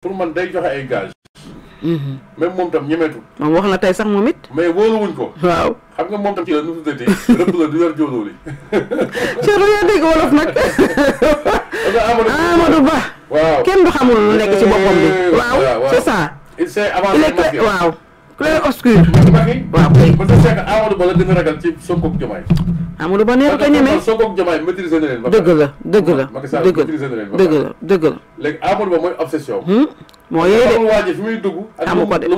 pour man day joxe ay gage mhm. même moom tam ñemeetul moom wax na tey sax moom it mais wóoluwuñ ko waaw xam moom tam ci la nu tuddati rëbb wolof nag Amadou Ba kenn du xamul lu nekk ci boppam bi waaw c'est ça il s'est avancé waaw Ba la gën a ragal ci Sonko ak Diomaye Amadou Ba neexut a ñeme soo ko na leen ba dëgg la dëgg la dëgg la dëgg la dëgg la léegi Amadou Ba mooy hmm? moo yee de waa ji fi muy dugg amu ko de lu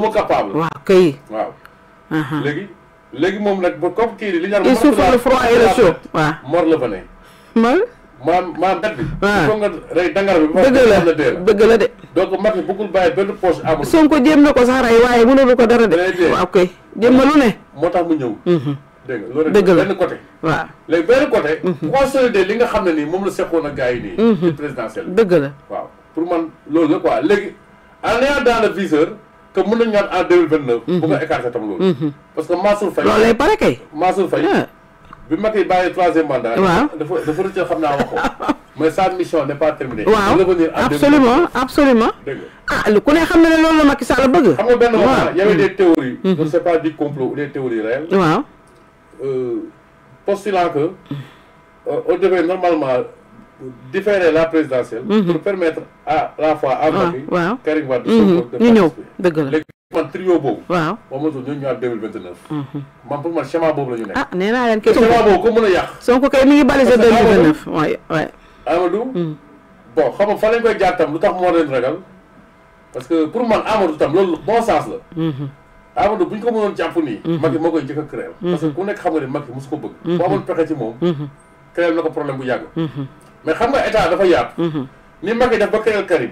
mu moom nag ba comme kii li ñu il la fa ne ma maam maam bet bi waaw dëgg la dëgg la de donc Macky bëggul bàyyi benn poche Amadou Sonko jéem na ko sax rey waaye mënalu ko dara de waaw kay jéem ne moo tax mu ñëw mhm. dégg nga benn côté waaw léegi benn côté consolider mhm. li nga xam ne nii moom la seqoon ak gars yi nii mhm. ci présidentiel la waaw pour man loolu la quoi léegi en ayant dans le viseur que mën nañu ñaan en deux mhm. bu nga écarté tam loolu parce que Mansour Faye loolu lay pare kay Mansour Faye ah. bi Macky bàyyi troisième mandat waaw dafa dafa xam naa wax ko sa mission n'est pas terminée waaw absolument absolument ah lu ku ne xam ne loolu la Macky Sall bëgg xam nga benn Euh, postulant que euh, on devrait normalement différer la présidentielle mhm. pour permettre à la fois à ah, Macky Karim Wade de mhm. participer léegi man trio boobu waaw moom la ñooñu ñëwaat 2029 man pour man schéma boobu la ñu nekk ah nee naa leen kay schéma boobu ko mën a Son Sonko kay mi ngi balisé 2029 waay waay Amadou mhm. bon xam nga fa lañ koy jaar tam lu tax moo ragal parce que pour man Amadou tam loolu bon sens la Amadou bu ñu ko mënoon jàpp nii. Mhm. Macky moo koy jëkk a créer. Mhm. parce que ku nekk xam nga ne Macky mosu ko bëgg. Mhm. boo amoon pexe ci moom. créer na ko problème bu yàgg. mais xam nga état dafa yaatu. ni Macky def ba créer Karim.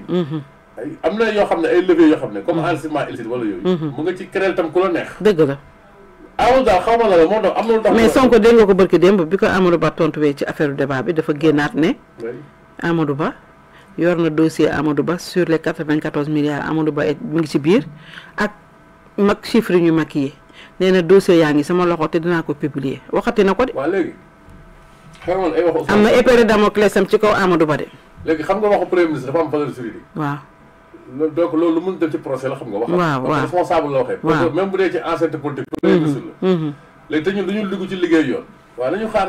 am na yoo mu nga Ba xaw ma ci affaire débat bi dafa génnaat ne. Amadou Ba. yor na dossier Amadou Ba sur les quatre vingt quatorze milliards Amadou Ba ngi ci biir ak. mag chiffre ñu maquillé nee na dossier yaa ngi sama loxo te dinaa ko publier waxati na ko de. waaw léegi xamoon ay waxu. am na épée de Damoclès ci kaw Amadou Ba de. léegi xam nga waxu premier ministre dafa la xam nga. waaw waaw responsable la waxee. waaw même bu dee ci enceinte politique. premier mm-hmm, ministre la. Mm-hmm. léegi te ñun dañu dugg ci liggéey yoon. waaw nañu xaar.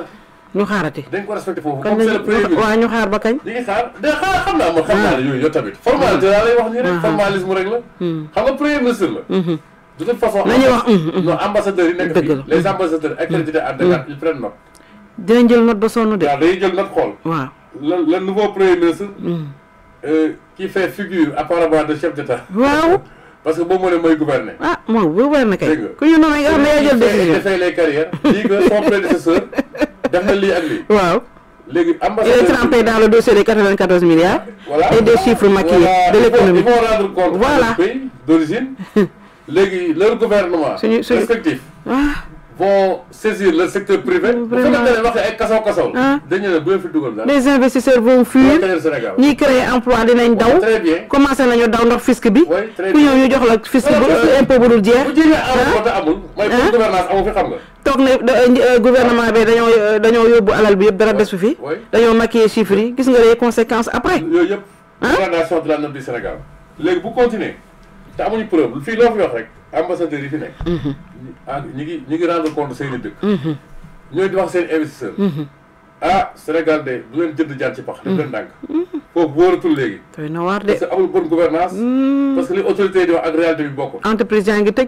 ñu xaarati dañ ko respecté foofu comme c'est le premier ministre waaw ñu xaar ba kañ ñu ngi xaar de xaar xam naa ma xam naa ne ah. yooyu yow tamit formalité ah, ah. rek la mm. xam nga premier ministre la mm-hmm. de toute façon hum, hum, non hum. les ambassadeurs accrédités à Dakar ils prennent note. dinañ note de. le nouveau premier ministre. Euh, qui fait figure apparemment de chef d' parce que bon, ne gouverner. ah moi gouverner kay. dégg les les carrières son prédécesseur waaw. ambassadeur il est trempé dans le dossier des 94 milliards. voilà et des chiffres maquillés de l'économie voilà d'origine léegi leur gouvernement. suñu respectif. Ah. vont saisir le secteur privé. Ah. les investisseurs vont fuir. ni créer emploi dinañ daw. très nañu daw ndax fisc bi. ku ñëw ñu jox la fisc bu impôt bu dul jeex. bu jëlee ah. euh, euh, gouvernement bi dañoo euh, dañoo yóbbu alal bi yëpp dara desu fi. dañoo maquiller chiffres yi gis nga les conséquences après. yooyu yëpp. gouvernance de la note du Sénégal léegi bu continuer te amuñu preuve fii loo fi wax rek ambassadeurs yi fi nekk. Mhm. Ah, ñu ngi ñu ngi rendre compte seen i dëkk. Mhm. ñooy di wax seen investisseur mhm. ah Sénégal de du leen jënd jaan ci pax. daf leen dànk. foofu wóoratul léegi. doy na waar de parce que amul bonne gouvernance parce que li autorité di wax ak réalité bi bokkul. entreprise yaa ngi tëj.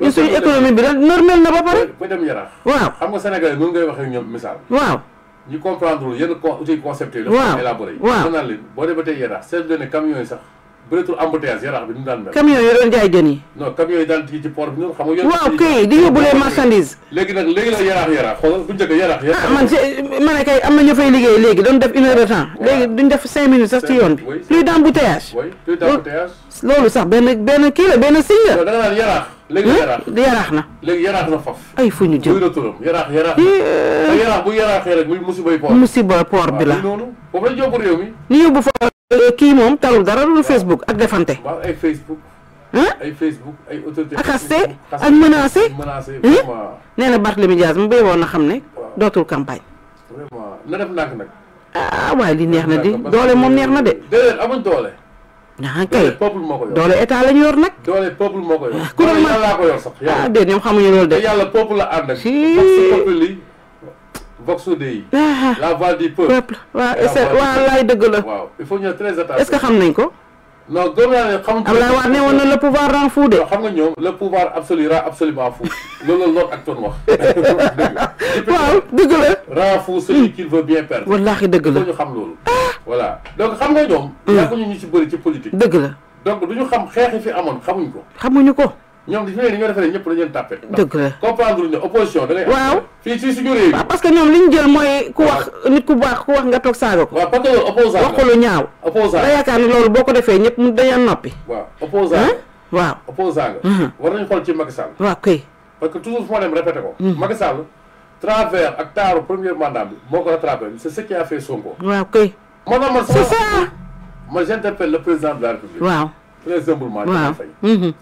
ñun suñu économie bi daal normal na ba pare. ba dem yaraax. waaw xam nga Sénégalais noonu ngay waxee ñoom misaal. waaw ñu comprendre yenn co outils concepts yi. la élaboré. waaw mën naa leen boo tey yaraax seen benn camion yi sax. bëreetul embouteillage yaraax bi ñu daan mel. camion yi doon jaay jën yi. waaw kay di yóbbu les marchandises. léegi la yaraax yaraax xoolal ah, kay am na liggéey léegi doon def une léegi duñ def cinq minutes sax ci yoon bi. plus d' embouteillage. oui plus d' loolu sax benn kii la benn signe la. da yaraax. Hmm? na ay fu ñu jëm muy retoram yaraax euh, bi la noonu yóbbu réew Euh, kii moom talul dara lu Facebook ak defante. waaw ay Facebook. ay Facebook ay autorité ak xaste ak menacé. nee na Barthélémy Dias mu béyoon na xam ne dootul campagne. vraiment na def nak ah, waaye li neex na di doole moom neex na de. déedéet amul doole. ah kay doole état la ñu yor nag. doole peuple moo ko yor. Ah, ku doon mën ko yor sax. ah déedéet ñoom xamuñu loolu de. la ànd ak. Ah, ah. la voix du peuple. il faut être très attention. est-ce que xam nañ non le pouvoir rend fou le pouvoir rend absolument fou le actuellement. rend fou celui qui veut bien perdre. Ah. voilà donc xam nga ñoom. Hmm. yaa ko politique. donc nous avons xam un yi ñoom fi mu ne nii ñoo defaree ñëpp dañu leen tàppe. dëgg la waaw parce que ñoom li ñu jël mooy. ku wax nit ku baax ku wax nga toog saaga ko. waaw parce que loolu opposant ñaaw. opposant loolu boo ko defee ñëpp mu dañu noppi. waaw opposant waaw opposant mhm. waaw kay. parce ma dem répété ko. Mhm. Macky Sall travers ak taaru ko rattrapé c'est ce qui a fait Sonko. waaw kay. moo tax man sama c'est ça. président de la République. waaw très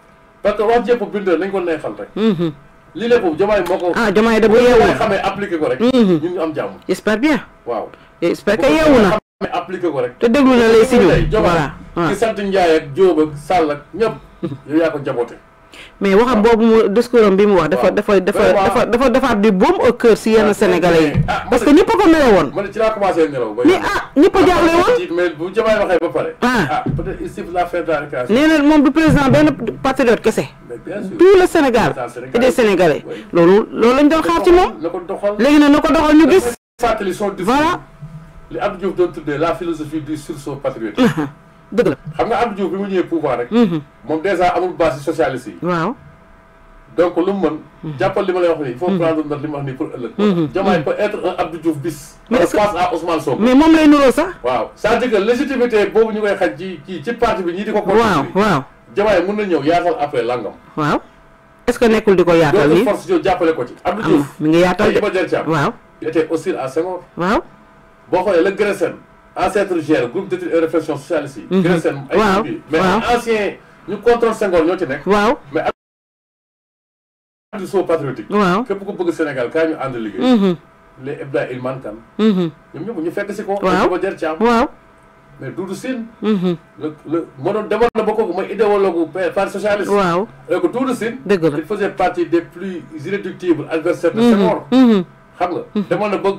parce que wax jëpp bindal nañ ko neexal rek. Mhm. lii lépp jomaay moo ko. ah jomaay da bu yeewu xamee appliqué ko rek. Mhm. ñun ñu am jàmm. j'espère bien. waaw j'espère que yeewu na. xamee appliqué ko rek. te déglu na lay si ñu. voilà jomaay ki ah. sant Ndiaye ak Diop ak Sall ak ñëpp. yow yaa ko jaboote. mais waxam bi wax dafa dafa dafa dafa dafa di boom au cœur si yenn ah, sénégalais ah, parce que ñepp ko ci la commencé mais ah nous mais bu ba ah. ah peut-être la fédération de mom du président patriote tout le Sénégal et des Sénégalais lolu lolu lañ doon xaar ci mom légui doxal ñu gis voilà li la philosophie du sursaut dëgg la xam nga Abdou Diouf bi mu ñëwee pouvoir rek. Mhm. moom dèjà amul base socialiste yi. waaw donc lu mu mën. Mhm. jàppal li ma lay wax nii. il faut mhm. prendre note li ma wax pour ëllëg. Diomaye peut être un bis. mais est-ce que face à mais moom lay nuroo sax. waaw c'est-à-dire que légitimité boobu ñu koy xaj ci ci ci parti bi ñii di ko. waaw waaw Diomaye mën na ñëw yaatal après langam. waaw est-ce que nekkul di ah, waaw. boo xoolee le Gresen ancêtre GER groupe de réflexion sociale si. CRESEM mhm. ay mais ancien nous contrôle Senghor ñoo ci nekk. waaw mais ak du soo patriotique. waaw képp ku bëgg Sénégal ka ñu and ligue mhm. les Ebda Ilman Kan. Mhm. ñoom ñu fekk ci ko. waaw ba jër Thiam. waaw mais Doudou Sine. le le moo doon demoon na ba kooku idéologue parti socialiste. waaw léegi euh, Doudou Sine. il faisait partie des plus irréductibles adversaires de Senghor. xam nga demoon na bëgg.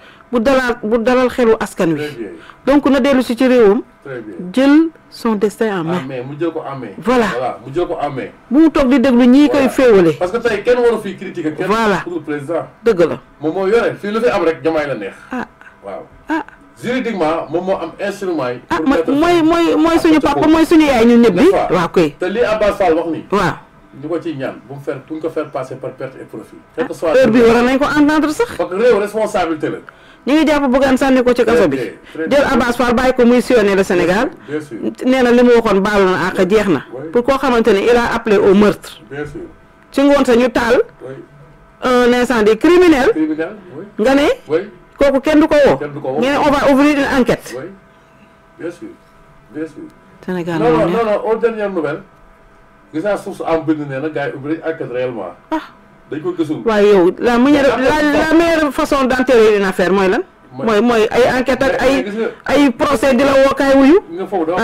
pour dalal askan wi donc na a dit. ci réewam jël son destin en main mu jël ko voilà mu jël ko amé bu di koy parce que tay kenn waru fi critiquer kenn voilà président deug la moom mo moi, fi lu fi am rek jamaay la neex ah ah juridiquement mo am instrument ah moy suñu papa moy suñu yaay ñun bi koy te li Abbas Fall wax li ko ciy ñaan bu faire pour ko faire passer par perte et profit. Ah, quel que soit heure bi war nañ ko entendre sax. parce que réew responsabilité la. ñu ngi jàpp bëgg a sànni ko ci kaso bi. jël Abass Fall bàyyi ko muy sillonner le Sénégal. bien sûr nee na li mu waxoon baalu na àq jeex pour koo xamante il a appelé au meurtre. bien sûr ci ngoon sa ñu taal. un incendie criminel. criminel nga ne. kooku kenn du ko kenn du ko woo on va ouvrir une enquête. Oui. bien sûr bien sûr. Sénégal non non non aux dernières nouvelles. gis naa ah. waaye yow la meilleure la meilleure façon d'enterrer une affaire mooy lan. mooy mooy ay enquête di la woo kaay wuyu. nga foofu